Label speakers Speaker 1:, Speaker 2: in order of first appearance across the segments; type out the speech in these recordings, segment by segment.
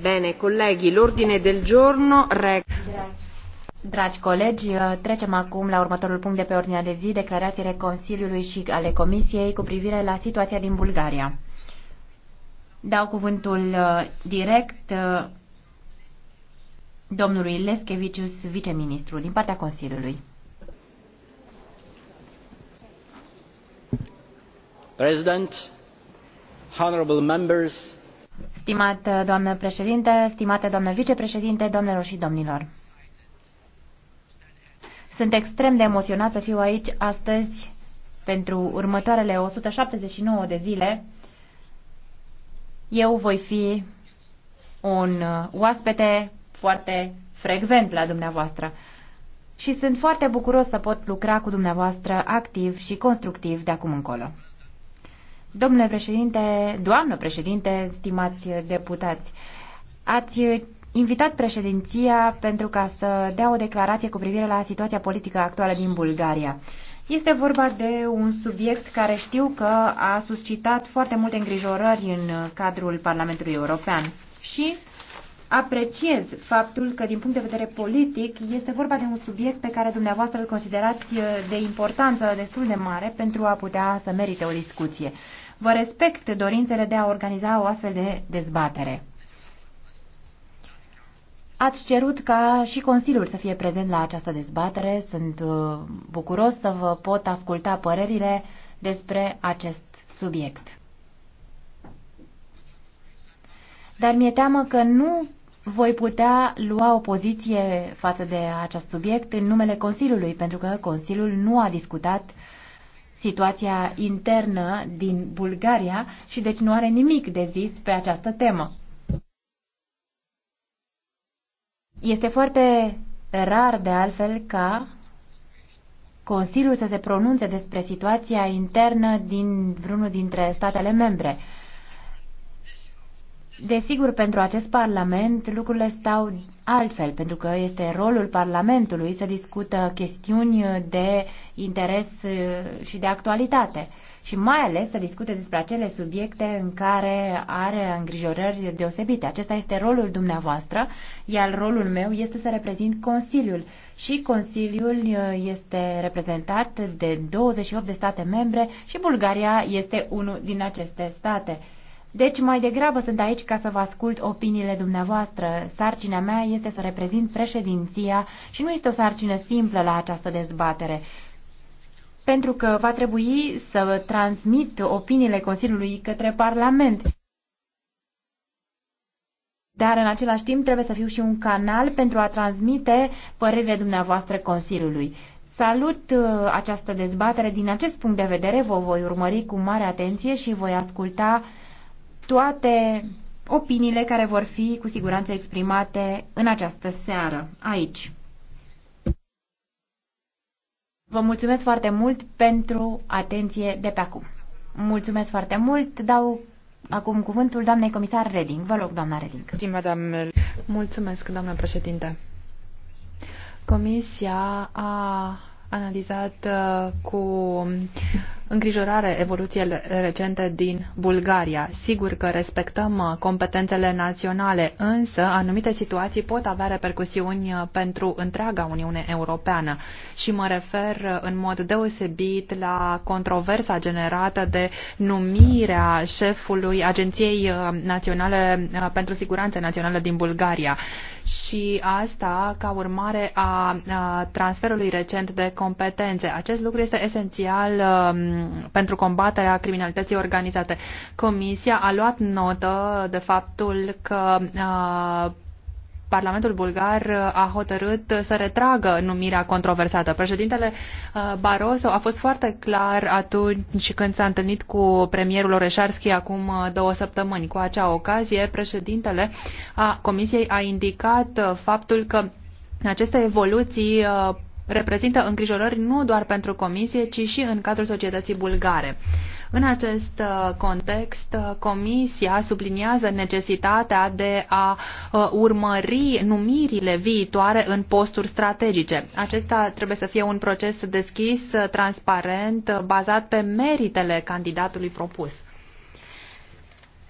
Speaker 1: Bine, colegi, l'ordine del giorno Dragi colegi, uh, trecem acum la următorul punct de pe ordinea de zi, declarațiile Consiliului și ale Comisiei cu privire la situația din Bulgaria. Dau cuvântul uh, direct uh, domnului Leschevicius, viceministru, din partea Consiliului. President, honorable members, Stimat uh, doamnă președinte, stimate doamnă vicepreședinte, domnilor și domnilor. Sunt extrem de emoționat să fiu aici astăzi pentru următoarele 179 de zile. Eu voi fi un uh, oaspete foarte frecvent la dumneavoastră și sunt foarte bucuros să pot lucra cu dumneavoastră activ și constructiv de acum încolo. Domnule președinte, doamnă președinte, stimați deputați, ați invitat președinția pentru ca să dea o declarație cu privire la situația politică actuală din Bulgaria. Este vorba de un subiect care știu că a suscitat foarte multe îngrijorări în cadrul Parlamentului European și Apreciez faptul că, din punct de vedere politic, este vorba de un subiect pe care dumneavoastră îl considerați uh, de importanță destul de mare pentru a putea să merite o discuție. Vă respect dorințele de a organiza o astfel de dezbatere. Ați cerut ca și Consiliul să fie prezent la această dezbatere. Sunt uh, bucuros să vă pot asculta părerile despre acest subiect. Dar mi-e teamă că nu voi putea lua o poziție față de acest subiect în numele Consiliului, pentru că Consiliul nu a discutat situația internă din Bulgaria și deci nu are nimic de zis pe această temă. Este foarte rar de altfel ca Consiliul să se pronunțe despre situația internă din vreunul dintre statele membre. Desigur, pentru acest Parlament lucrurile stau altfel, pentru că este rolul Parlamentului să discută chestiuni de interes uh, și de actualitate și mai ales să discute despre acele subiecte în care are îngrijorări deosebite. Acesta este rolul dumneavoastră, iar rolul meu este să reprezint Consiliul. Și Consiliul uh, este reprezentat de 28 de state membre și Bulgaria este unul din aceste state. Deci, mai degrabă sunt aici ca să vă ascult opiniile dumneavoastră. Sarcina mea este să reprezint președinția și nu este o sarcină simplă la această dezbatere pentru că va trebui să transmit opiniile Consiliului către Parlament. Dar în același timp trebuie să fiu și un canal pentru a transmite părerile dumneavoastră Consiliului. Salut uh, această dezbatere din acest punct de vedere, vă voi urmări cu mare atenție și voi asculta toate opiniile care vor fi cu siguranță exprimate în această seară, aici. Vă mulțumesc foarte mult pentru atenție de pe acum. Mulțumesc foarte mult. Dau acum cuvântul doamnei comisar Reding. Vă rog, doamna Reding. Mulțumesc, doamna
Speaker 2: președinte. Comisia a analizat uh, cu îngrijorare evoluțiile recente din Bulgaria. Sigur că respectăm uh, competențele naționale, însă anumite situații pot avea repercusiuni uh, pentru întreaga Uniune Europeană și mă refer uh, în mod deosebit la controversa generată de numirea șefului Agenției Naționale pentru Siguranță Națională din Bulgaria și asta ca urmare a transferului recent de competențe. Acest lucru este esențial um, pentru combaterea criminalității organizate. Comisia a luat notă de faptul că uh, Parlamentul bulgar a hotărât să retragă numirea controversată. Președintele uh, Barroso a fost foarte clar atunci când s-a întâlnit cu premierul Oreșarski acum uh, două săptămâni. Cu acea ocazie, președintele a Comisiei a indicat uh, faptul că aceste evoluții reprezintă îngrijorări nu doar pentru Comisie, ci și în cadrul societății bulgare. În acest uh, context, uh, Comisia subliniază necesitatea de a uh, urmări numirile viitoare în posturi strategice. Acesta trebuie să fie un proces deschis, transparent, bazat pe meritele candidatului propus.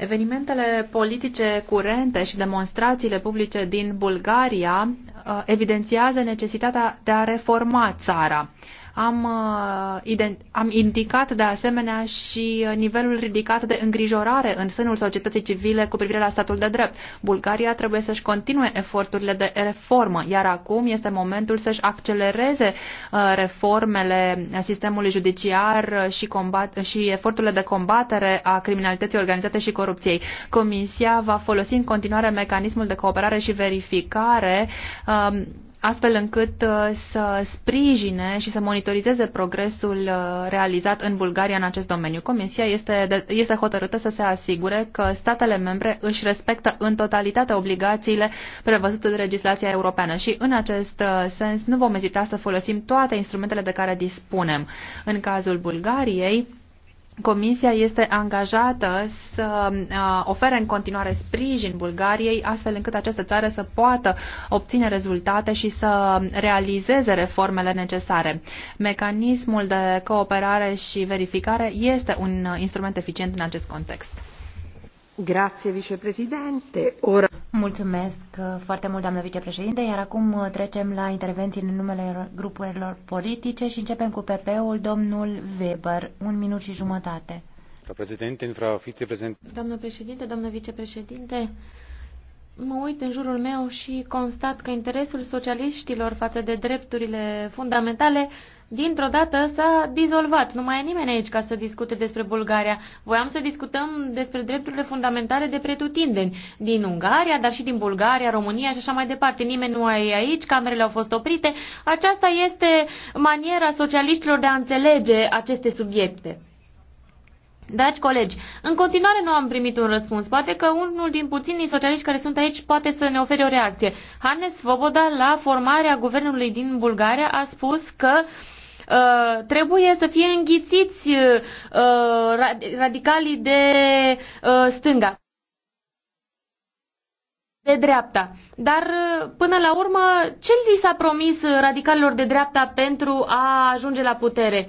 Speaker 2: Evenimentele politice curente și demonstrațiile publice din Bulgaria uh, evidențiază necesitatea de a reforma țara. Am, uh, am indicat de asemenea și uh, nivelul ridicat de îngrijorare în sânul societății civile cu privire la statul de drept. Bulgaria trebuie să-și continue eforturile de reformă, iar acum este momentul să-și accelereze uh, reformele sistemului judiciar și, combat, și eforturile de combatere a criminalității organizate și corupției. Comisia va folosi în continuare mecanismul de cooperare și verificare um, astfel încât uh, să sprijine și să monitorizeze progresul uh, realizat în Bulgaria în acest domeniu. Comisia este, de, este hotărâtă să se asigure că statele membre își respectă în totalitate obligațiile prevăzute de legislația europeană și în acest uh, sens nu vom ezita să folosim toate instrumentele de care dispunem. În cazul Bulgariei, Comisia este angajată să uh, ofere în continuare sprijin Bulgariei, astfel încât această țară să poată obține rezultate și să realizeze reformele necesare. Mecanismul de cooperare și verificare este un instrument eficient în acest context. Grazie, Ora... Mulțumesc uh, foarte mult, doamnă vicepreședinte,
Speaker 1: iar acum uh, trecem la intervenții în numele grupurilor politice și începem cu PP-ul, domnul Weber, un minut și jumătate. Doamnă președinte, doamnă vicepreședinte, mă uit în jurul meu și constat că
Speaker 3: interesul socialiștilor față de drepturile fundamentale dintr-o dată s-a dizolvat. Nu mai e nimeni aici ca să discute despre Bulgaria. Voiam să discutăm despre drepturile fundamentale de pretutindeni din Ungaria, dar și din Bulgaria, România și așa mai departe. Nimeni nu e aici, camerele au fost oprite. Aceasta este maniera socialiștilor de a înțelege aceste subiecte. Dragi colegi, în continuare nu am primit un răspuns. Poate că unul din puținii socialiști care sunt aici poate să ne ofere o reacție. Hannes Svoboda, la formarea guvernului din Bulgaria, a spus că uh, Uh, trebuie să fie înghițiți uh, radicalii de uh, stânga de dreapta. Dar, uh, până la urmă, ce li s-a promis radicalilor de dreapta pentru a ajunge la putere?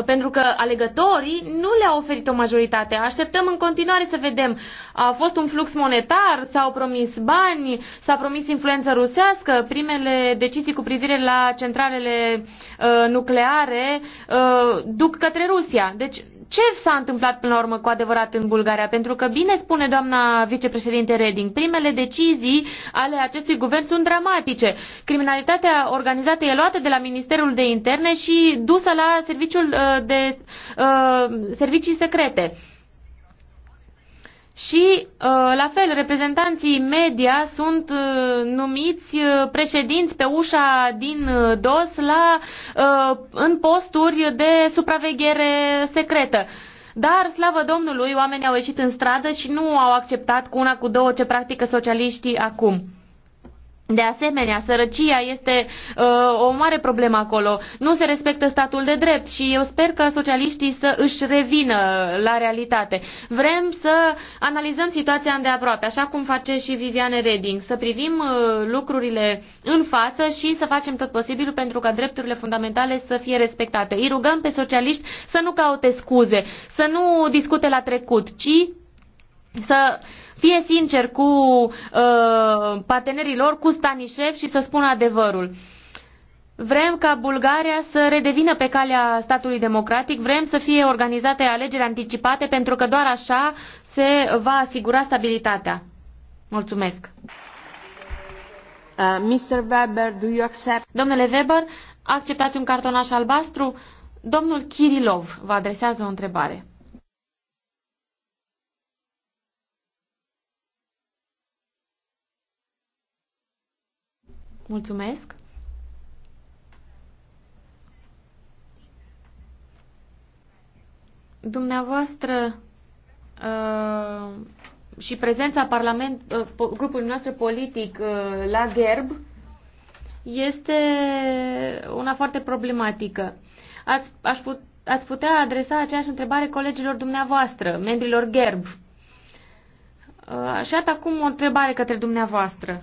Speaker 3: pentru că alegătorii nu le-au oferit o majoritate. Așteptăm în continuare să vedem. A fost un flux monetar, s-au promis bani, s-a promis influență rusească, primele decizii cu privire la centralele uh, nucleare uh, duc către Rusia. Deci ce s-a întâmplat până la urmă cu adevărat în Bulgaria? Pentru că, bine spune doamna vicepreședinte Reding, primele decizii ale acestui guvern sunt dramatice. Criminalitatea organizată e luată de la Ministerul de Interne și dusă la serviciul uh, de uh, servicii secrete. Și, uh, la fel, reprezentanții media sunt uh, numiți uh, președinți pe ușa din DOS la, în posturi de supraveghere secretă. Dar, slavă Domnului, oamenii au ieșit în stradă și nu au acceptat cu una cu două ce practică socialiștii acum. De asemenea, sărăcia este uh, o mare problemă acolo. Nu se respectă statul de drept și eu sper că socialiștii să își revină la realitate. Vrem să analizăm situația îndeaproape, așa cum face și Viviane Reding, să privim uh, lucrurile în față și să facem tot posibilul pentru ca drepturile fundamentale să fie respectate. Îi rugăm pe socialiști să nu caute scuze, să nu discute la trecut, ci să fie sinceri cu uh, partenerii lor, cu Stanișev și să spună adevărul. Vrem ca Bulgaria să redevină pe calea statului democratic, vrem să fie organizate alegeri anticipate pentru că doar așa se va asigura stabilitatea. Mulțumesc. Uh, Mr. Weber, do you accept... Domnule Weber, acceptați un cartonaș albastru? Domnul Kirilov vă adresează o întrebare. Mulțumesc. Dumneavoastră uh, și prezența parlament, uh, grupului nostru politic uh, la GERB este una foarte problematică. Ați, aș put, ați putea adresa aceeași întrebare colegilor dumneavoastră, membrilor GERB. Uh, și acum o întrebare către dumneavoastră.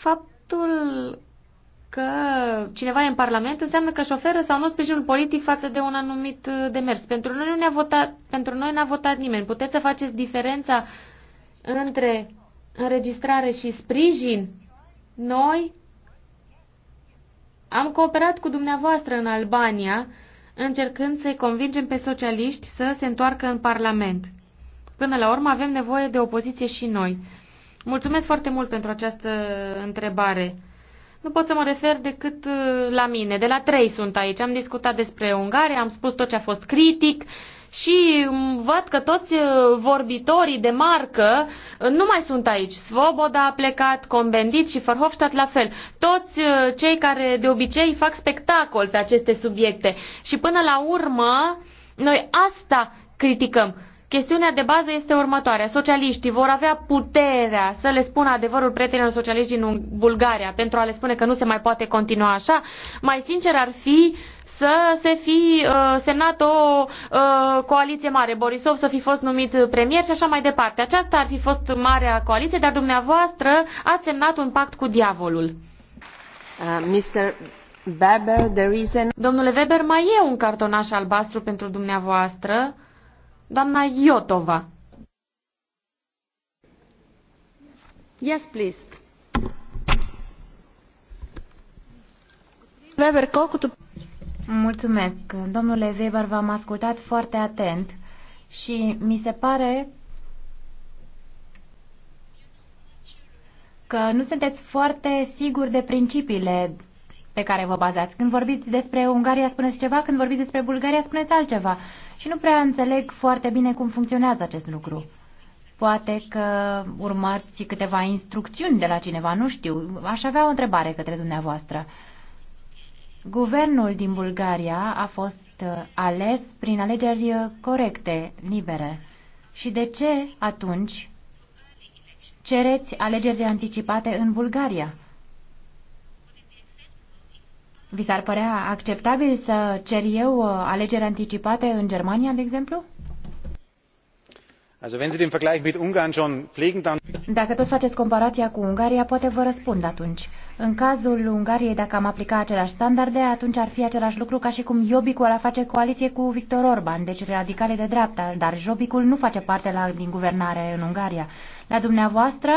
Speaker 3: Faptul că cineva e în Parlament înseamnă că își oferă sau nu sprijinul politic față de un anumit uh, demers. Pentru noi, nu ne-a votat, pentru noi n-a votat nimeni. Puteți să faceți diferența între înregistrare și sprijin? Noi am cooperat cu dumneavoastră în Albania, încercând să-i convingem pe socialiști să se întoarcă în Parlament. Până la urmă avem nevoie de opoziție și noi. Mulțumesc foarte mult pentru această întrebare. Nu pot să mă refer decât uh, la mine. De la trei sunt aici. Am discutat despre Ungaria, am spus tot ce a fost critic și mm, văd că toți uh, vorbitorii de marcă uh, nu mai sunt aici. Svoboda a plecat, Combendit și Verhofstadt la fel. Toți cei care de obicei fac spectacol pe aceste subiecte. Și până la urmă, noi asta criticăm. Chestiunea de bază este următoarea. Socialiștii vor avea puterea să le spună adevărul prietenilor socialiști din Bulgaria pentru a le spune că nu se mai poate continua așa. Mai sincer ar fi să se fi uh, semnat o uh, coaliție mare, Borisov să fi fost numit premier și așa mai departe. Aceasta ar fi fost marea coaliție, dar dumneavoastră ați semnat un pact cu diavolul. Uh, Mr. Weber, there is an... Domnule Weber, mai e un cartonaș albastru pentru dumneavoastră. Doamna Iotova. Yes, please.
Speaker 1: Weber, Mulțumesc. Domnule Weber, v-am ascultat foarte atent și mi se pare că nu sunteți foarte siguri de principiile pe care vă bazați. Când vorbiți despre Ungaria, spuneți ceva, când vorbiți despre Bulgaria, spuneți altceva. Și nu prea înțeleg foarte bine cum funcționează acest lucru. Poate că urmați câteva instrucțiuni de la cineva, nu știu. Aș avea o întrebare către dumneavoastră. Guvernul din Bulgaria a fost uh, ales prin alegeri uh, corecte, libere. Și de ce atunci cereți alegeri anticipate în Bulgaria? Vi s-ar părea acceptabil să cer eu uh, alegeri anticipate în Germania, de exemplu? Dacă tot faceți comparația cu Ungaria, poate vă răspund atunci. În cazul Ungariei, dacă am aplica aceleași standarde, atunci ar fi același lucru ca și cum Iobicul ar face coaliție cu Victor Orban, deci radicale de dreapta, dar Jobicul nu face parte la, din guvernare în Ungaria. La dumneavoastră,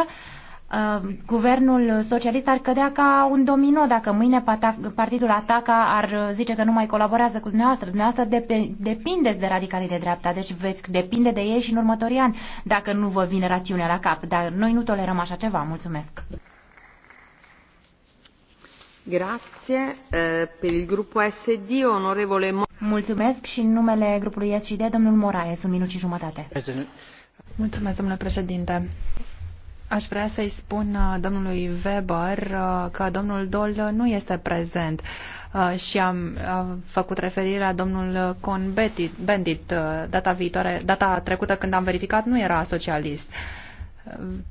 Speaker 1: Uh, guvernul socialist ar cădea ca un domino dacă mâine partidul Ataca ar zice că nu mai colaborează cu dumneavoastră. Dumneavoastră dep- depindeți de radicalii de dreapta, deci veți depinde de ei și în următorii ani, dacă nu vă vine rațiunea la cap. Dar noi nu tolerăm așa ceva. Mulțumesc.
Speaker 3: Grazie eh, per il gruppo
Speaker 1: SD, onorevole Mulțumesc și în numele grupului SD, domnul Moraes, un minut și
Speaker 2: jumătate. Mulțumesc, domnule președinte. Aș vrea să-i spun uh, domnului Weber uh, că domnul Dol nu este prezent uh, și am făcut referire la domnul Con Bendit data, viitoare, data trecută când am verificat nu era socialist.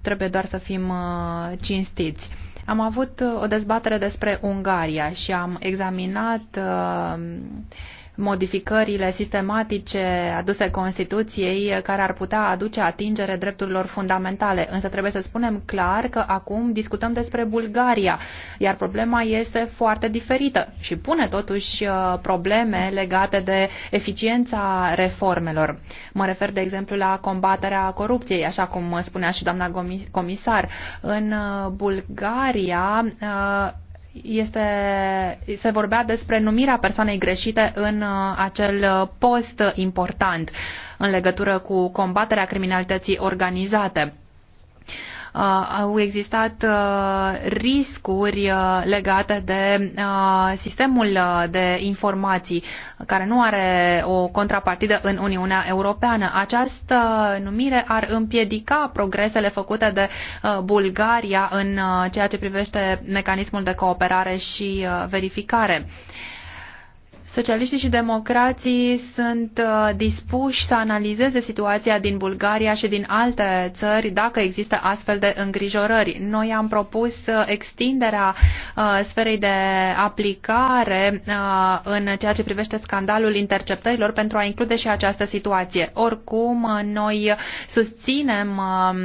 Speaker 2: Trebuie doar să fim cinstiți. Am avut o dezbatere despre Ungaria și am examinat uh, modificările sistematice aduse Constituției care ar putea aduce atingere drepturilor fundamentale. Însă trebuie să spunem clar că acum discutăm despre Bulgaria, iar problema este foarte diferită și pune totuși uh, probleme legate de eficiența reformelor. Mă refer, de exemplu, la combaterea corupției, așa cum spunea și doamna comisar. În uh, Bulgaria uh, este, se vorbea despre numirea persoanei greșite în uh, acel uh, post important în legătură cu combaterea criminalității organizate au existat riscuri legate de sistemul de informații care nu are o contrapartidă în Uniunea Europeană. Această numire ar împiedica progresele făcute de Bulgaria în ceea ce privește mecanismul de cooperare și verificare. Socialiștii și democrații sunt uh, dispuși să analizeze situația din Bulgaria și din alte țări dacă există astfel de îngrijorări. Noi am propus uh, extinderea uh, sferei de aplicare în ceea ce privește scandalul interceptărilor pentru a include și această situație. Oricum, noi susținem um,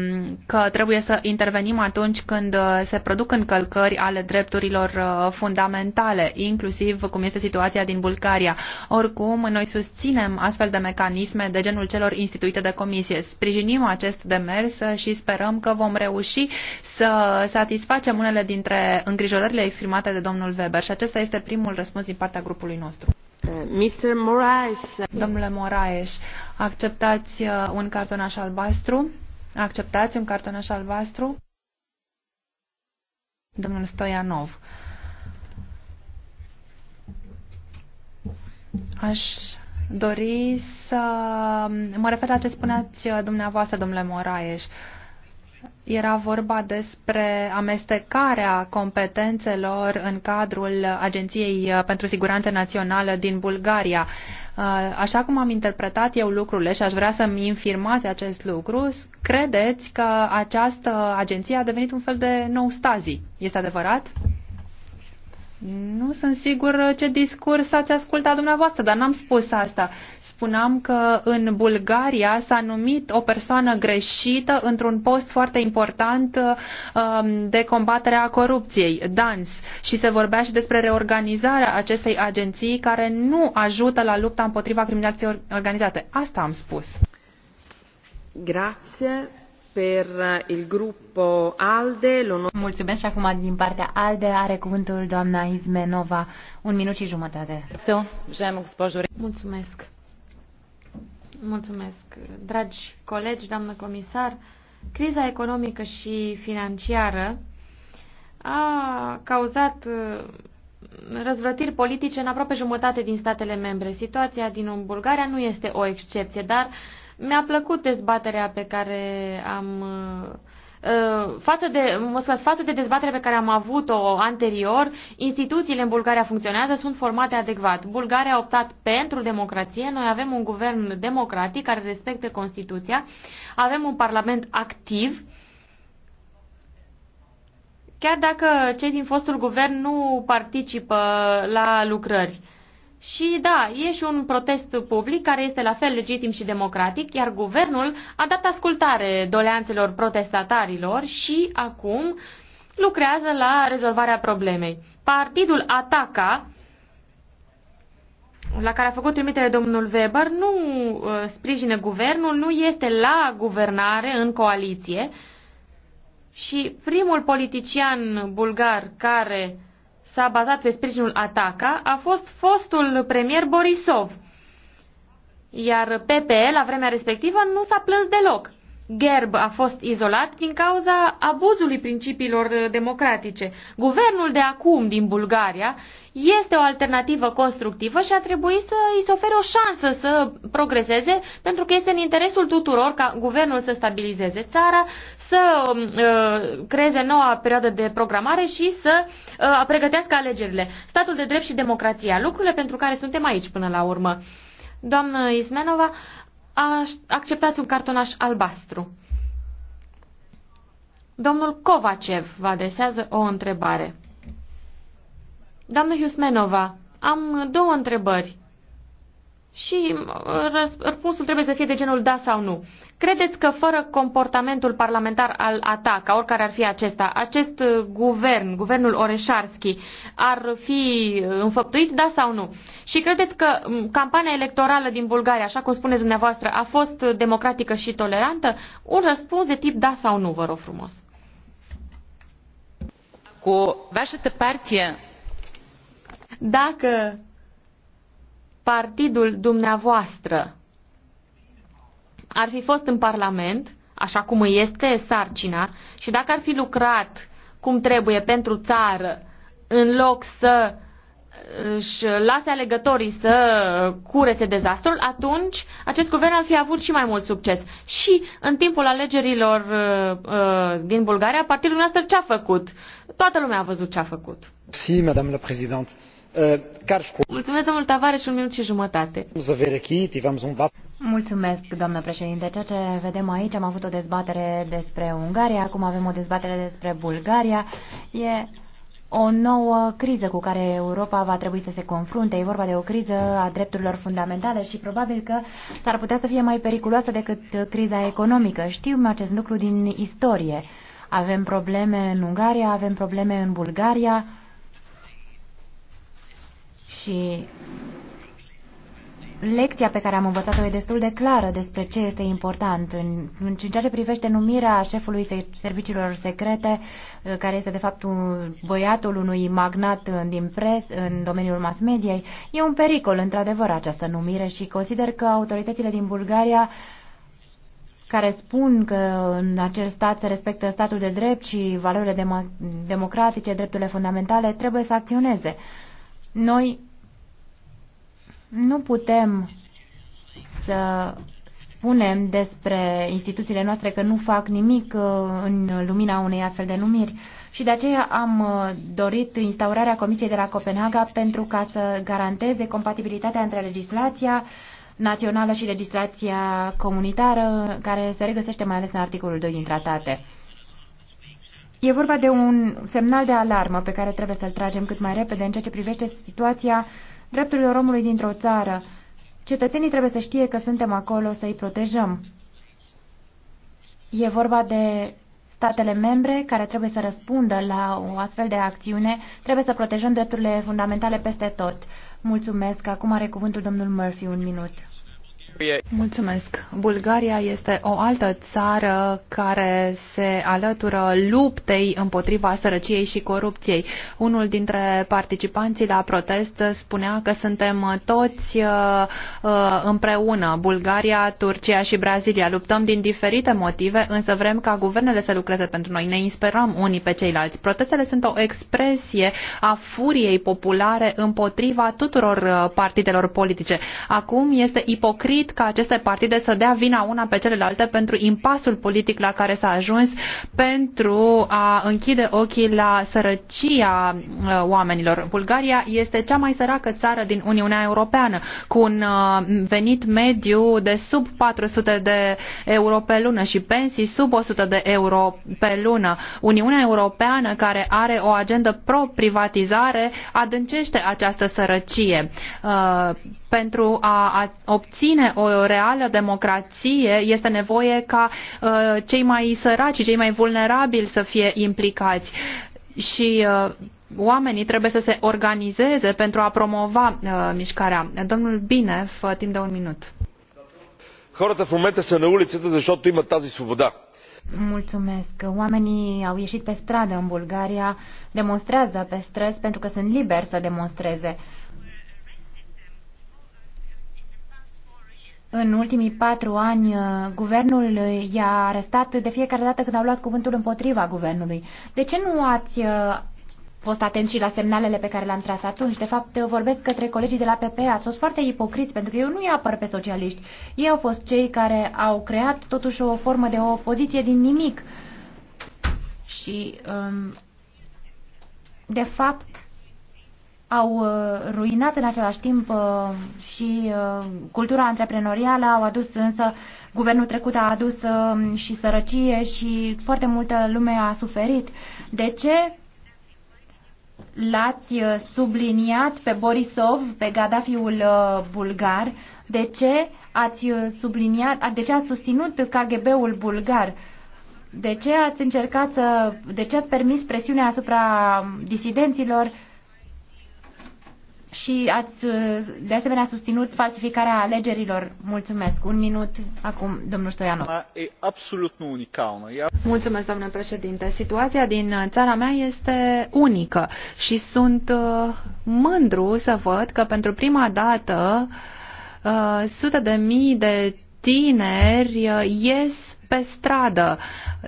Speaker 2: că trebuie să intervenim atunci când se produc încălcări ale drepturilor fundamentale, inclusiv cum este situația din Bulgaria Bulgaria. Oricum, noi susținem astfel de mecanisme de genul celor instituite de comisie. Sprijinim acest demers și sperăm că vom reuși să satisfacem unele dintre îngrijorările exprimate de domnul Weber și acesta este primul răspuns din partea grupului nostru. Uh, Mr. Moraes. Domnule Moraes, acceptați uh, un cartonaș albastru? Acceptați un cartonaș albastru? Domnul Stoianov. Aș dori să mă refer la ce spuneați dumneavoastră, domnule Moraes. Era vorba despre amestecarea competențelor în cadrul Agenției pentru Siguranță Națională din Bulgaria. Uh, așa cum am interpretat eu lucrurile și aș vrea să-mi infirmați acest lucru, credeți că această agenție a devenit un fel de nou stazi. Este adevărat? Nu sunt sigur ce discurs ați ascultat dumneavoastră, dar n-am spus asta. Spuneam că în Bulgaria s-a numit o persoană greșită într-un post foarte important um, de combatere a corupției, DANS, și se vorbea și despre reorganizarea acestei agenții care nu ajută la lupta împotriva criminalității organizate. Asta am spus. Grazie. Per il gruppo ALDE,
Speaker 1: Mulțumesc și acum din partea ALDE are cuvântul doamna Izmenova. Un minut și jumătate.
Speaker 3: Mulțumesc. Mulțumesc. Dragi colegi, doamnă comisar, criza economică și financiară a cauzat uh, răzvrătiri politice în aproape jumătate din statele membre. Situația din Bulgaria nu este o excepție, dar uh, mi-a plăcut dezbaterea pe care am uh, uh, față de, mă scuzați, față de dezbaterea pe care am avut-o anterior, instituțiile în Bulgaria funcționează, sunt formate adecvat. Bulgaria a optat pentru democrație, noi avem un guvern democratic care respectă Constituția, avem un parlament activ, chiar dacă cei din fostul guvern nu participă la lucrări. Și da, e și un protest public care este la fel legitim și democratic, iar guvernul a dat ascultare doleanțelor protestatarilor și acum lucrează la rezolvarea problemei. Partidul Ataca, la care a făcut trimitere domnul Weber, nu uh, sprijină guvernul, nu este la guvernare în coaliție și primul politician bulgar care s-a bazat pe sprijinul ATACA a fost fostul premier Borisov. Iar PPE, la vremea respectivă, nu s-a plâns deloc. Gerb a fost izolat din cauza abuzului principiilor democratice. Guvernul de acum din Bulgaria este o alternativă constructivă și a trebuit să îi se ofere o șansă să progreseze pentru că este în interesul tuturor ca guvernul să stabilizeze țara, să uh, creeze noua perioadă de programare și să uh, pregătească alegerile. Statul de drept și democrația, lucrurile pentru care suntem aici până la urmă. Doamnă Ismenova, acceptați un cartonaș albastru. Domnul Kovacev vă adresează o întrebare. Doamnă Husmenova, am două întrebări. Și uh, răspunsul trebuie să fie de genul da sau nu. Credeți că fără comportamentul parlamentar al ATA, ca oricare ar fi acesta, acest uh, guvern, guvernul Oreșarski, ar fi înfăptuit, da sau nu? Și credeți că campania electorală din Bulgaria, așa cum spuneți dumneavoastră, a fost uh, democratică și tolerantă? Un răspuns de tip da sau nu, vă rog frumos. Cu vașată partie... Dacă partidul dumneavoastră ar fi fost în Parlament, așa cum îi este sarcina, și dacă ar fi lucrat cum trebuie pentru țară, în loc să își lase alegătorii să curețe dezastrul, atunci acest guvern ar fi avut și mai mult succes. Și în timpul alegerilor uh, uh din Bulgaria, partidul nostru ce-a făcut? Toată lumea a văzut ce-a făcut.
Speaker 1: Si, madame la Eh, Mulțumesc, domnul Tavares, un minut și jumătate. Mulțumesc, doamnă președinte. Ceea ce vedem aici, am avut o dezbatere despre Ungaria, acum avem o dezbatere despre Bulgaria. E o nouă criză cu care Europa va trebui să se confrunte. E vorba de o criză a drepturilor fundamentale și probabil că s-ar putea să fie mai periculoasă decât criza economică. Știu acest lucru din istorie. Avem probleme în Ungaria, avem probleme în Bulgaria și lecția pe care am învățat-o e destul de clară despre ce este important în, în ceea ce privește numirea șefului serviciilor secrete, uh, care este de fapt un băiatul unui magnat din pres, în domeniul mass mediei. E un pericol, într-adevăr, această numire și consider că autoritățile din Bulgaria care spun că în acel stat se respectă statul de drept și valorile democratice, drepturile fundamentale, trebuie să acționeze. Noi nu putem să spunem despre instituțiile noastre că nu fac nimic uh, în lumina unei astfel de numiri și de aceea am uh, dorit instaurarea Comisiei de la Copenhaga pentru ca să garanteze compatibilitatea între legislația națională și legislația comunitară, care se regăsește mai ales în articolul 2 din tratate. E vorba de un semnal de alarmă pe care trebuie să-l tragem cât mai repede în ceea ce privește situația drepturilor omului dintr-o țară. Cetățenii trebuie să știe că suntem acolo să îi protejăm. E vorba de statele membre care trebuie să răspundă la o astfel de acțiune. Trebuie să protejăm drepturile fundamentale peste tot. Mulțumesc.
Speaker 2: Acum are cuvântul domnul Murphy un minut. Mulțumesc. Bulgaria este o altă țară care se alătură luptei împotriva sărăciei și corupției. Unul dintre participanții la protest spunea că suntem toți uh, uh, împreună, Bulgaria, Turcia și Brazilia. Luptăm din diferite motive, însă vrem ca guvernele să lucreze pentru noi. Ne inspirăm unii pe ceilalți. Protestele sunt o expresie a furiei populare împotriva tuturor uh, partidelor politice. Acum este ipocrit permit ca aceste partide să dea vina una pe celelalte pentru impasul politic la care s-a ajuns, pentru a închide ochii la sărăcia uh, oamenilor. Bulgaria este cea mai săracă țară din Uniunea Europeană, cu un uh, venit mediu de sub 400 de euro pe lună și pensii sub 100 de euro pe lună. Uniunea Europeană, care are o agendă pro-privatizare, adâncește această sărăcie. Uh, pentru a obține o reală democrație este nevoie ca uh, cei mai săraci, cei mai vulnerabili să fie implicați. Și uh, oamenii trebuie să se organizeze pentru a promova uh, mișcarea. Domnul Binef, timp de un minut.
Speaker 3: Хората в момента са на улицата, защото имат тази свобода.
Speaker 2: Mulțumesc. Oamenii au ieșit pe stradă în
Speaker 1: Bulgaria, demonstrează pe străzi pentru că sunt liberi să demonstreze. În ultimii patru ani, uh, guvernul uh, i-a arestat de fiecare dată când au luat cuvântul împotriva guvernului. De ce nu ați uh, fost atenți și la semnalele pe care le-am tras atunci. De fapt, vorbesc către colegii de la PP, ați fost foarte ipocriți, pentru că eu nu-i apăr pe socialiști. Ei au fost cei care au creat totuși o formă de opoziție din nimic. Și, um, de fapt, au uh, ruinat în același timp uh, și uh, cultura antreprenorială, au adus însă, guvernul trecut a adus um, și sărăcie și foarte multă lume a suferit. De ce l-ați subliniat pe Borisov, pe Gaddafiul bulgar? De ce ați subliniat, de ce ați susținut KGB-ul bulgar? De ce ați încercat să, de ce ați permis presiunea asupra um, disidenților? și ați uh, de asemenea susținut falsificarea alegerilor. Mulțumesc. Un minut acum, domnul Stoianov.
Speaker 2: E absolut nu unicaună. Mulțumesc, domnule președinte. Situația din uh, țara mea este unică și sunt uh, mândru să văd că pentru prima dată sute de mii de tineri ies pe stradă.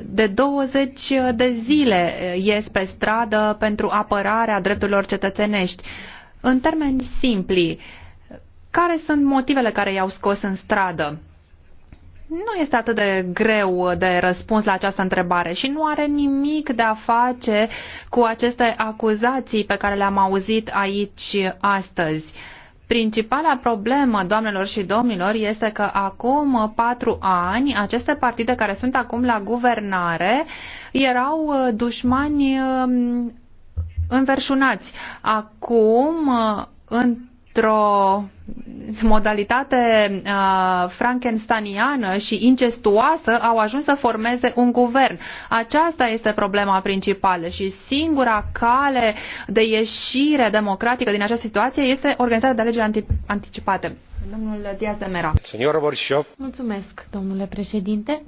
Speaker 2: De 20 de zile ies pe stradă pentru apărarea drepturilor cetățenești. În termeni simpli, care sunt motivele care i-au scos în stradă? Nu este atât de greu de răspuns la această întrebare și nu are nimic de a face cu aceste acuzații pe care le-am auzit aici astăzi. Principala problemă, doamnelor și domnilor, este că acum patru ani aceste partide care sunt acum la guvernare erau dușmani um, înverșunați. Acum, uh, într-o modalitate uh, frankensteiniană și incestuoasă au ajuns să formeze un guvern. Aceasta este problema principală și singura cale de ieșire democratică din această situație este organizarea de alegeri anti- anticipate.
Speaker 3: Domnul Diaz de Mera. Mulțumesc, domnule președinte.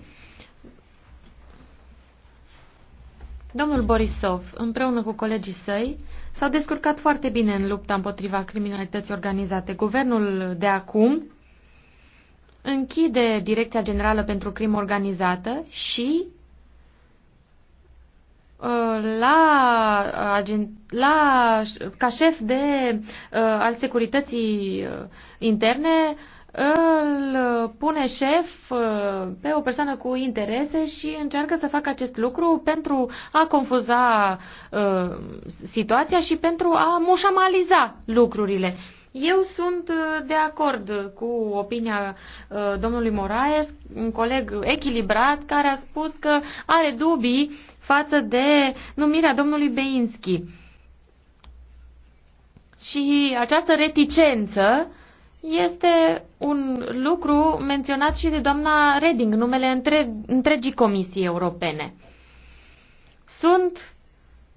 Speaker 3: Domnul Borisov, împreună cu colegii săi, s-a descurcat foarte bine în lupta împotriva criminalității organizate. Guvernul de acum închide Direcția Generală pentru Crimă Organizată și uh, la, la, ca șef de, uh, al securității uh, interne îl pune șef uh, pe o persoană cu interese și încearcă să facă acest lucru pentru a confuza uh, situația și pentru a mușamaliza lucrurile. Eu sunt uh, de acord cu opinia uh, domnului Moraes, un coleg echilibrat care a spus că are dubii față de numirea domnului Beinski. Și această reticență este un lucru menționat și de doamna Reding, numele între, întregii Comisii Europene. Sunt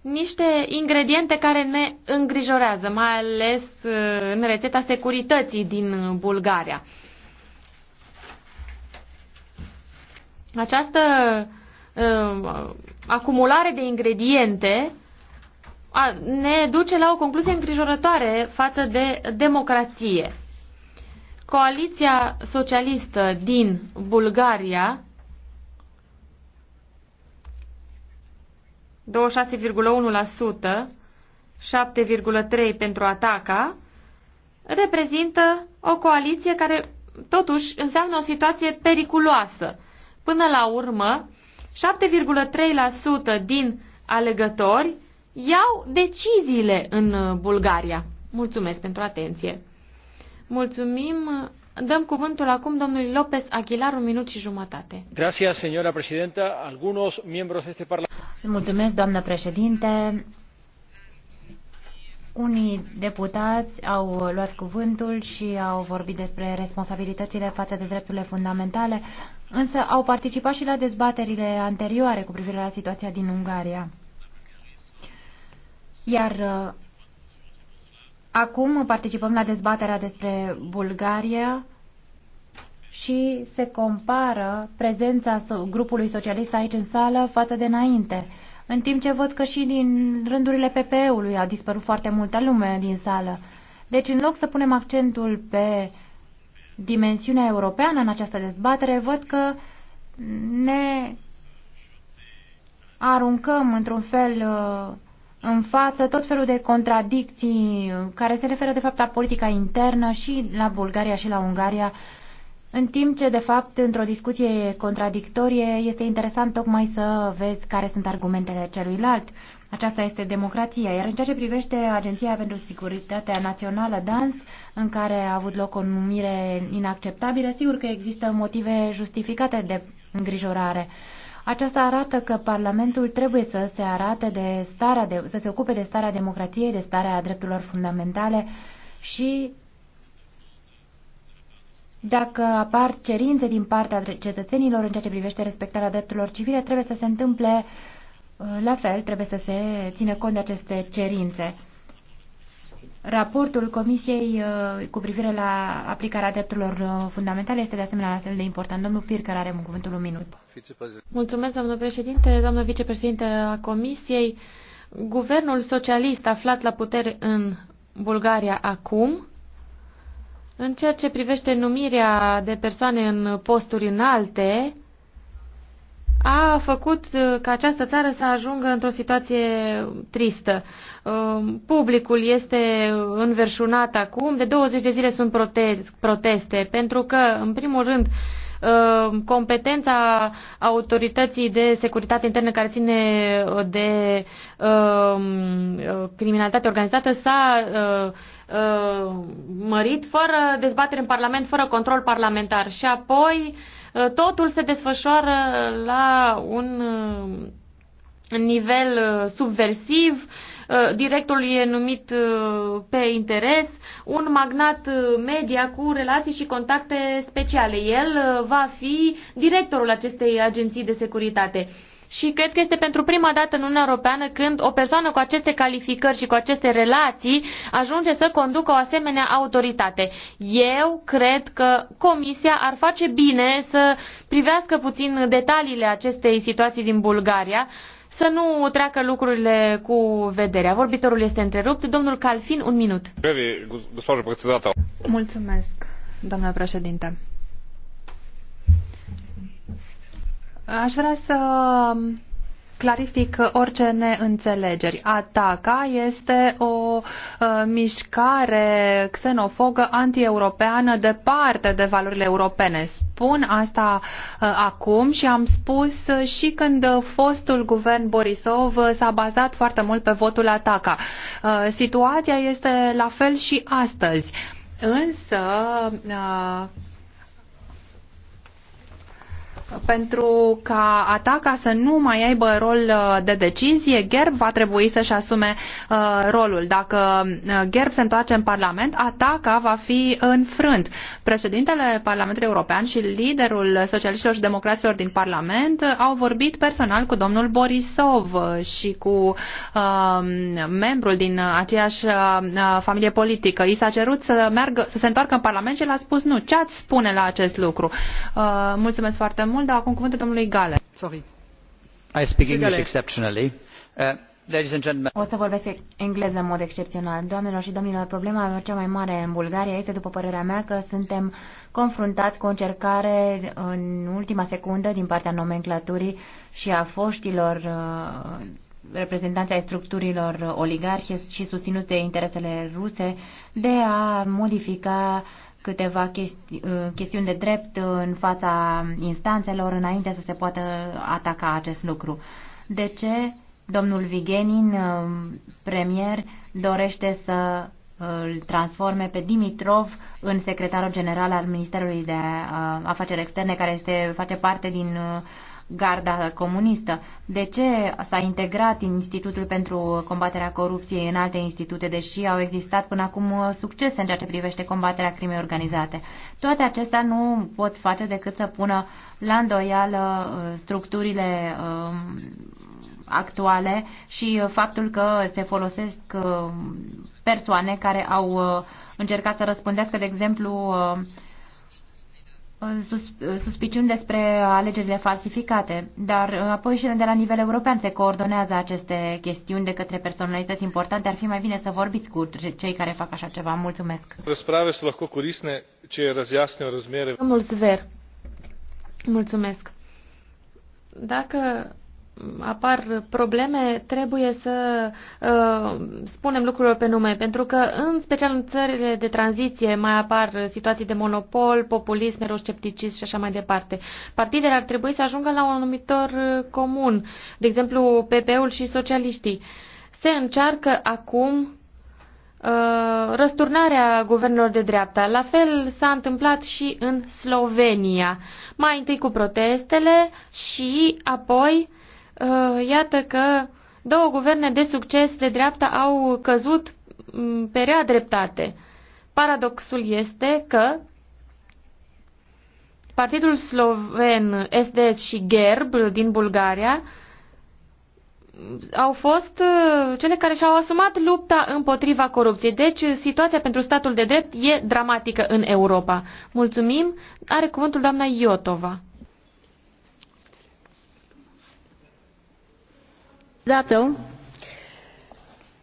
Speaker 3: niște ingrediente care ne îngrijorează, mai ales uh, în rețeta securității din Bulgaria. Această uh, acumulare de ingrediente ne duce la o concluzie îngrijorătoare față de democrație. Coaliția socialistă din Bulgaria 26,1%, 7,3% pentru ataca, reprezintă o coaliție care totuși înseamnă o situație periculoasă. Până la urmă, 7,3% din alegători iau deciziile în Bulgaria. Mulțumesc pentru atenție! Mulțumim. Dăm cuvântul acum domnului López Aguilar, un minut și jumătate.
Speaker 1: Gracias, señora presidenta. Algunos miembros de este parlament... Mulțumesc, doamnă președinte. Unii deputați au luat cuvântul și au vorbit despre responsabilitățile față de drepturile fundamentale, însă au participat și la dezbaterile anterioare cu privire la situația din Ungaria. Iar Acum participăm la dezbaterea despre Bulgaria și se compară prezența grupului socialist aici în sală față de înainte. În timp ce văd că și din rândurile PPE-ului a dispărut foarte multă lume din sală. Deci, în loc să punem accentul pe dimensiunea europeană în această dezbatere, văd că ne aruncăm într-un fel uh, în față tot felul de contradicții care se referă de fapt la politica internă și la Bulgaria și la Ungaria, în timp ce de fapt într-o discuție contradictorie este interesant tocmai să vezi care sunt argumentele celuilalt. Aceasta este democrația. Iar în ceea ce privește Agenția pentru Securitatea Națională DANS, în care a avut loc o numire inacceptabilă, sigur că există motive justificate de îngrijorare. Aceasta arată că Parlamentul trebuie să se arate de starea de, să se ocupe de starea democrației, de starea drepturilor fundamentale și dacă apar cerințe din partea cetățenilor în ceea ce privește respectarea drepturilor civile, trebuie să se întâmple uh, la fel, trebuie să se țină cont de aceste cerințe. Raportul Comisiei uh, cu privire la aplicarea drepturilor uh, fundamentale este de asemenea astfel de important. Domnul Pir, care are cuvântul un minut.
Speaker 3: Mulțumesc, domnul președinte, doamnă vicepreședinte a Comisiei. Guvernul socialist aflat la putere în Bulgaria acum, în ceea ce privește numirea de persoane în posturi înalte, a făcut uh, ca această țară să ajungă într-o situație tristă. Um, publicul este înverșunat acum, de 20 de zile sunt prote proteste, pentru că, în primul rând, um, competența autorității de securitate internă care ține uh, de um, uh, criminalitate organizată s-a mărit fără dezbatere în Parlament, fără control parlamentar. Și apoi uh, Uh, totul se desfășoară la un uh, nivel uh, subversiv, directorul e numit pe interes, un magnat media cu relații și contacte speciale. El va fi directorul acestei agenții de securitate și cred că este pentru prima dată în Uniunea Europeană când o persoană cu aceste calificări și cu aceste relații ajunge să conducă o asemenea autoritate. Eu cred că Comisia ar face bine să privească puțin detaliile acestei situații din Bulgaria, să nu treacă lucrurile cu vederea. Vorbitorul este întrerupt. Domnul Calfin, un minut.
Speaker 2: Mulțumesc, doamnă președinte. Aș vrea să clarific orice neînțelegeri. Ataca este o uh, mișcare xenofogă antieuropeană departe de valorile europene. Spun asta uh, acum și am spus și când fostul guvern Borisov s-a bazat foarte mult pe votul Ataca. Uh, situația este la fel și astăzi. Însă, pentru ca ataca să nu mai aibă rol uh, de decizie, Gerb va trebui să-și asume uh, rolul. Dacă uh, Gerb se întoarce în Parlament, ataca va fi înfrânt. Președintele Parlamentului European și liderul socialiștilor și democraților din Parlament uh, au vorbit personal cu domnul Borisov și cu uh, membrul din aceeași uh, familie politică. I s-a cerut să, meargă, să se întoarcă în Parlament și el a spus nu. Ce ați spune la acest lucru? Uh, mulțumesc foarte mult acum cuvântul domnului Gale. Sorry.
Speaker 1: I speak English exceptionally. Uh, o să vorbesc engleză în mod excepțional. Doamnelor și domnilor, problema cea mai mare în Bulgaria este, după părerea mea, că suntem confruntați cu o încercare în ultima secundă din partea nomenclaturii și a foștilor uh, reprezentanții ai structurilor oligarhie și susținuți de interesele ruse de a modifica câteva chesti uh, chestiuni de drept în fața instanțelor înainte să se poată ataca acest lucru. De ce domnul Vigenin, uh, premier, dorește să uh, îl transforme pe Dimitrov în secretarul general al Ministerului de Afaceri Externe, care este, face parte din uh, garda comunistă. De ce s-a integrat în Institutul pentru combaterea corupției în alte institute, deși au existat până acum uh, succese în ceea ce privește combaterea crimei organizate? Toate acestea nu pot face decât să pună la îndoială uh, structurile um, actuale și uh, faptul că se folosesc persoane care au încercat să răspândească, de exemplu, Uh, sus, uh, suspiciuni despre alegerile falsificate, dar uh, apoi și de la nivel european se coordonează aceste chestiuni de către personalități importante. Ar fi mai bine să vorbiți cu cei care fac așa ceva. Mulțumesc. ce mulțumesc.
Speaker 3: Dacă apar probleme, trebuie să uh, spunem lucrurile pe nume, pentru că în special în țările de tranziție mai apar situații de monopol, populism, eroscepticism și așa mai departe. Partidele ar trebui să ajungă la un numitor uh, comun, de exemplu PP-ul și socialiștii. Se încearcă acum uh, răsturnarea guvernelor de dreapta. La fel s-a întâmplat și în Slovenia. Mai întâi cu protestele și apoi uh, Uh, iată că două guverne de succes de dreapta au căzut mm, pe rea dreptate. Paradoxul este că Partidul sloven SDS și GERB din Bulgaria mm, au fost uh, cele care și-au asumat lupta împotriva corupției. Deci situația pentru statul de drept e dramatică în Europa. Mulțumim. Are cuvântul doamna Iotova.
Speaker 2: председател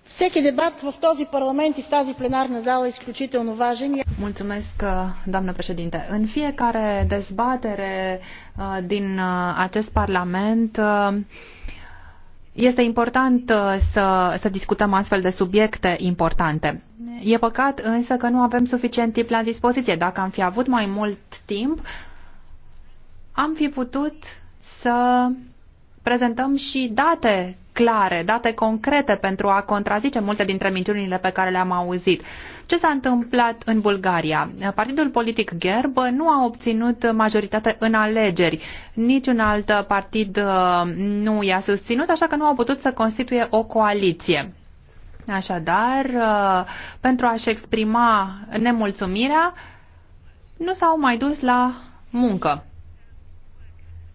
Speaker 2: всеки дебат в този парламент и в тази пленарна зала е изключително важен. Mulțumesc, doamnă președinte. În fiecare dezbatere uh, din uh, acest parlament uh, este important să, să discutăm astfel de subiecte importante. E păcat însă că nu avem suficient timp la dispoziție. Dacă am fi avut mai mult timp, am fi putut să prezentăm și date clare, date concrete pentru a contrazice multe dintre minciunile pe care le-am auzit. Ce s-a întâmplat în Bulgaria? Partidul politic Gerb nu a obținut majoritate în alegeri. Niciun alt partid uh, nu i-a susținut, așa că nu au putut să constituie o coaliție. Așadar, uh, pentru a-și exprima nemulțumirea, nu s-au mai dus la muncă.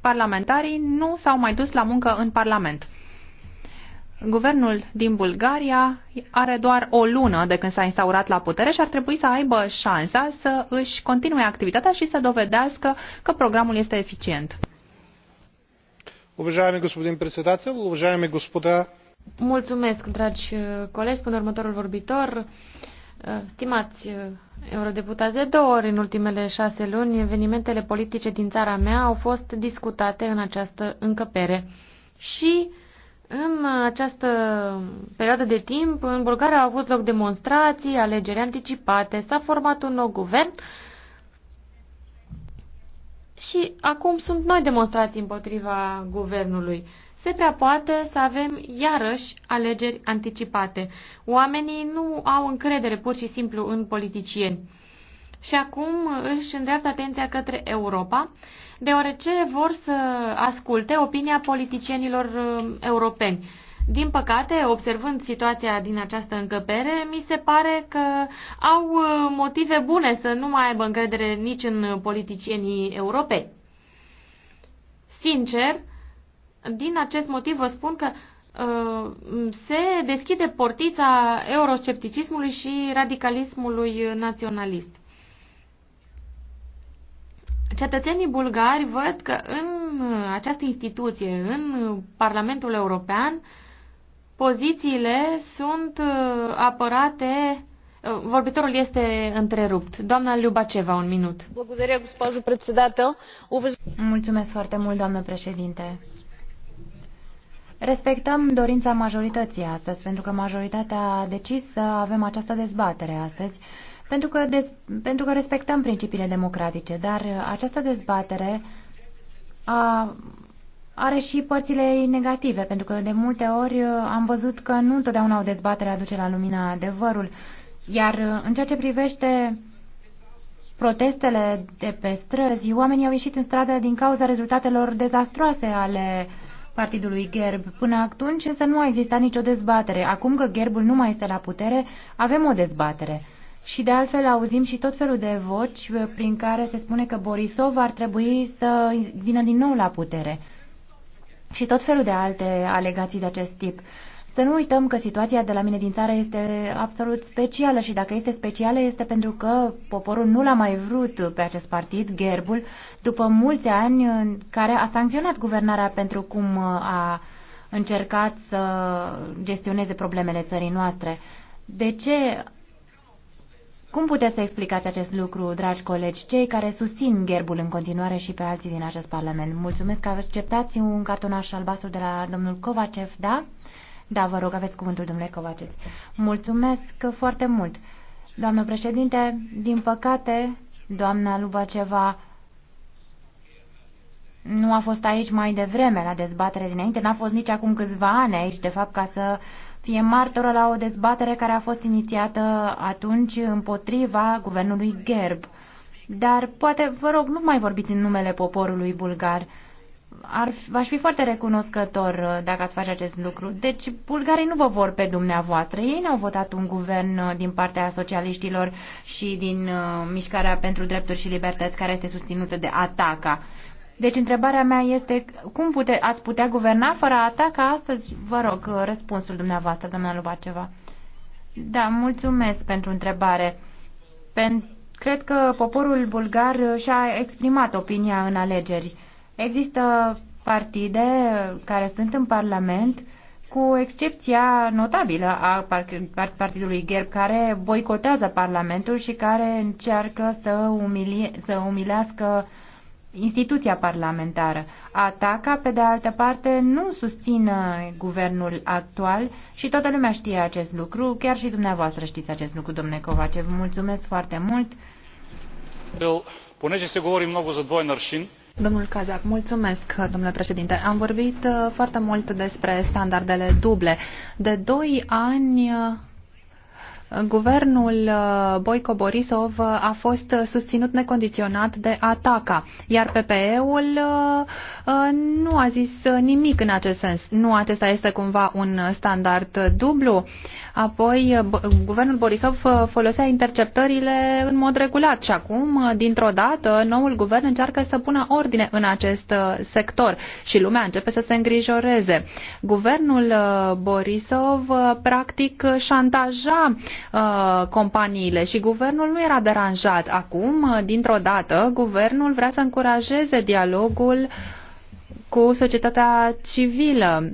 Speaker 2: Parlamentarii nu s-au mai dus la muncă în Parlament. Guvernul din Bulgaria are doar o lună de când s-a instaurat la putere și ar trebui să aibă șansa să își continue activitatea și să dovedească că programul este eficient. Mulțumesc,
Speaker 3: dragi uh, colegi, până următorul vorbitor. Uh, stimați uh, eurodeputați, de două ori în ultimele șase luni, evenimentele politice din țara mea au fost discutate în această încăpere. Și în această perioadă de timp, în Bulgaria au avut loc demonstrații, alegeri anticipate, s-a format un nou guvern și acum sunt noi demonstrații împotriva guvernului. Se prea poate să avem iarăși alegeri anticipate. Oamenii nu au încredere pur și simplu în politicieni. Și acum își îndreaptă atenția către Europa deoarece vor să asculte opinia politicienilor uh, europeni. Din păcate, observând situația din această încăpere, mi se pare că au uh, motive bune să nu mai aibă încredere nici în politicienii europei. Sincer, din acest motiv vă spun că uh, se deschide portița euroscepticismului și radicalismului naționalist cetățenii bulgari văd că în această instituție, în Parlamentul European, pozițiile sunt uh, apărate uh, Vorbitorul este întrerupt. Doamna
Speaker 1: Liubaceva, un minut. Mulțumesc foarte mult, doamnă președinte. Respectăm dorința majorității astăzi, pentru că majoritatea a decis să avem această dezbatere astăzi pentru că, dez, pentru că respectăm principiile democratice, dar această dezbatere a, are și părțile ei negative, pentru că de multe ori uh, am văzut că nu întotdeauna o dezbatere aduce la lumina adevărul. Iar uh, în ceea ce privește protestele de pe străzi, oamenii au ieșit în stradă din cauza rezultatelor dezastroase ale partidului Gerb. Până atunci însă nu a existat nicio dezbatere. Acum că Gerbul nu mai este la putere, avem o dezbatere. Și de altfel auzim și tot felul de voci prin care se spune că Borisov ar trebui să vină din nou la putere. Și tot felul de alte alegații de acest tip. Să nu uităm că situația de la mine din țară este absolut specială și dacă este specială este pentru că poporul nu l-a mai vrut pe acest partid, Gerbul, după mulți ani în care a sancționat guvernarea pentru cum a încercat să gestioneze problemele țării noastre. De ce cum puteți să explicați acest lucru, dragi colegi, cei care susțin gerbul în continuare și pe alții din acest Parlament? Mulțumesc că acceptați un cartonaș albastru de la domnul Kovacev, da? Da, vă rog, aveți cuvântul, domnule Kovacev. Mulțumesc foarte mult. Doamnă președinte, din păcate, doamna Lubaceva nu a fost aici mai devreme la dezbatere dinainte, n-a fost nici acum câțiva ani aici, de fapt, ca să uh, fie martoră la o dezbatere care a fost inițiată atunci împotriva guvernului Gerb. Dar poate, vă rog, nu mai vorbiți în numele poporului bulgar. Ar, v-aș fi foarte recunoscător uh, dacă ați face acest lucru. Deci, bulgarii nu vă vor pe dumneavoastră. Ei n-au votat un guvern uh, din partea socialiștilor și din uh, Mișcarea pentru Drepturi și Libertăți, care este susținută de ATACA. Deci întrebarea mea este cum pute, ați putea guverna fără a ataca astăzi? Vă rog răspunsul dumneavoastră, doamna Lubaceva. Da, mulțumesc pentru întrebare. Pen- Cred că poporul bulgar și-a exprimat opinia în alegeri. Există partide care sunt în Parlament, cu excepția notabilă a partidului GERB, care boicotează Parlamentul și care încearcă să, umilie, să umilească instituția parlamentară. Ataca, pe de altă parte, nu susține uh, guvernul actual și toată lumea știe acest lucru, chiar și dumneavoastră știți acest lucru, domnule Covace. Vă mulțumesc foarte mult.
Speaker 2: Понеже се говори много за двоен аршин, Domnul Cazac, mulțumesc, domnule președinte. Am vorbit uh, foarte mult despre standardele duble. De doi ani uh, Guvernul uh, Boico Borisov uh, a fost uh, susținut necondiționat de ATACA, iar PPE-ul nu a zis nimic în acest sens. Nu acesta este cumva un standard dublu. Apoi, guvernul Borisov folosea interceptările în mod regulat și acum, dintr-o dată, noul guvern încearcă să pună ordine în acest sector și lumea începe să se îngrijoreze. Guvernul Borisov practic șantaja Uh, companiile și guvernul nu era deranjat. Acum, uh, dintr-o dată, guvernul vrea să încurajeze dialogul cu societatea civilă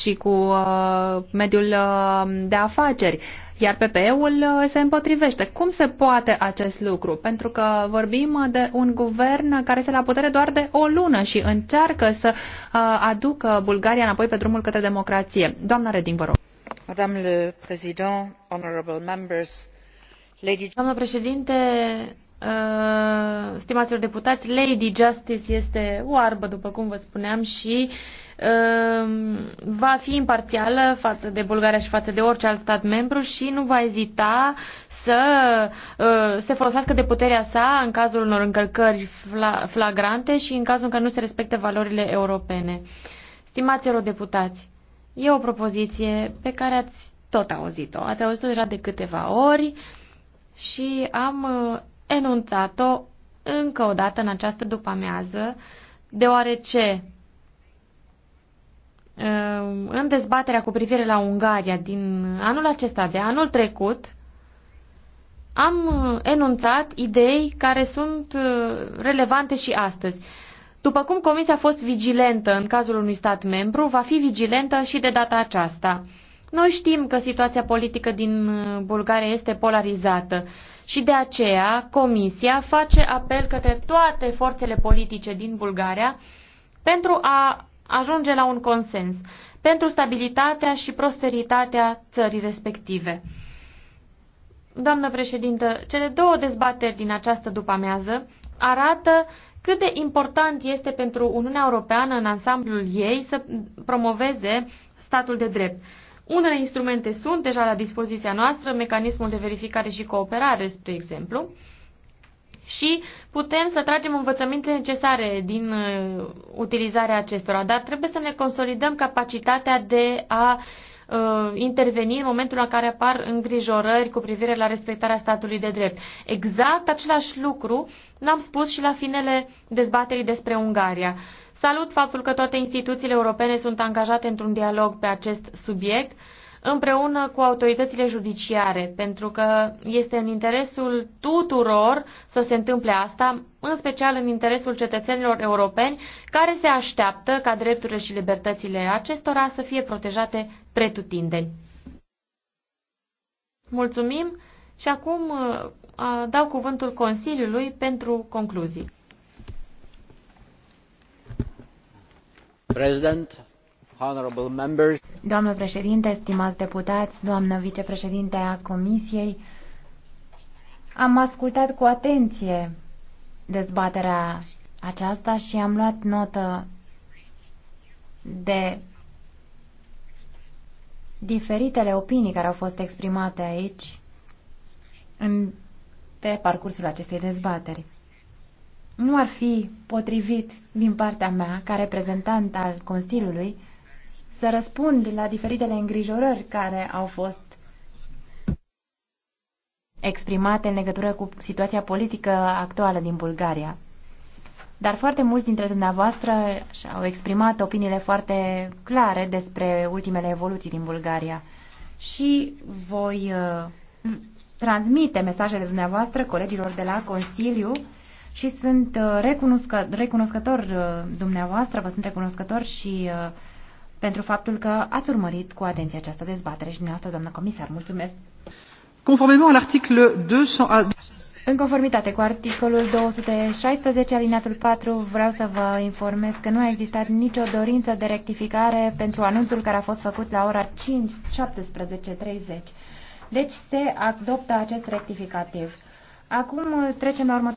Speaker 2: și cu uh, mediul uh, de afaceri iar PPE-ul uh, se împotrivește. Cum se poate acest lucru? Pentru că vorbim de un guvern care se la putere doar de o lună și încearcă să aducă Bulgaria înapoi pe drumul către democrație. Doamna Reding, vă rog doamnă președinte
Speaker 3: uh, stimaților deputați lady justice este oarbă după cum vă spuneam și uh, va fi imparțială față de bulgaria și față de orice alt stat membru și nu va ezita să uh, se folosească de puterea sa în cazul unor încălcări flagrante și în cazul în care nu se respectă valorile europene. Stimați eurodeputați, E o propoziție pe care ați tot auzit-o. Ați auzit-o deja de câteva ori și am uh, enunțat-o încă o dată în această după-amiază, deoarece uh, în dezbaterea cu privire la Ungaria din anul acesta, de anul trecut, am uh, enunțat idei care sunt relevante și astăzi. După cum Comisia a fost vigilentă în cazul unui stat membru, va fi vigilentă și de data aceasta. Noi știm că situația politică din uh, Bulgaria este polarizată și de aceea Comisia face apel către toate forțele politice din Bulgaria pentru a ajunge la un consens, pentru stabilitatea și prosperitatea țării respective. Doamnă președintă, cele două dezbateri din această după-amiază arată cât de important este pentru Uniunea Europeană în ansamblul ei să promoveze statul de drept. Unele instrumente sunt deja la dispoziția noastră, mecanismul de verificare și cooperare, spre exemplu, și putem să tragem învățăminte necesare din uh, utilizarea acestora, dar trebuie să ne consolidăm capacitatea de a uh, uh, interveni în momentul în care apar îngrijorări cu privire la respectarea statului de drept. Exact același lucru n-am spus și la finele dezbaterii despre Ungaria. Salut faptul că toate instituțiile europene sunt angajate într-un dialog pe acest subiect împreună cu autoritățile judiciare, pentru că este în interesul tuturor să se întâmple asta, în special în interesul cetățenilor europeni care se așteaptă ca drepturile și libertățile acestora să fie protejate pretutindeni. Mulțumim și acum uh, dau cuvântul Consiliului
Speaker 1: pentru concluzii. President, honorable members. Doamnă președinte, stimați deputați, doamnă vicepreședinte a Comisiei, am ascultat cu atenție dezbaterea aceasta și am luat notă de diferitele opinii care au fost exprimate aici în, pe parcursul acestei dezbateri. Nu ar fi potrivit din partea mea, ca reprezentant al Consiliului, să răspund la diferitele îngrijorări care au fost exprimate în legătură cu situația politică actuală din Bulgaria. Dar foarte mulți dintre dumneavoastră și-au exprimat opiniile foarte clare despre ultimele evoluții din Bulgaria. Și voi uh, transmite mesajele dumneavoastră colegilor de la Consiliu și sunt uh, recunoscă, recunoscător uh, dumneavoastră, vă sunt recunoscător și uh, pentru faptul că ați urmărit cu atenție această dezbatere și dumneavoastră, doamnă
Speaker 2: comisar, mulțumesc. Conformément à l'article 200...
Speaker 1: În conformitate cu articolul 216, alineatul 4, vreau să vă informez că nu a existat nicio dorință de rectificare pentru anunțul care a fost făcut la ora 5:17:30. Deci se adoptă acest rectificativ. Acum trecem la
Speaker 3: următoarea.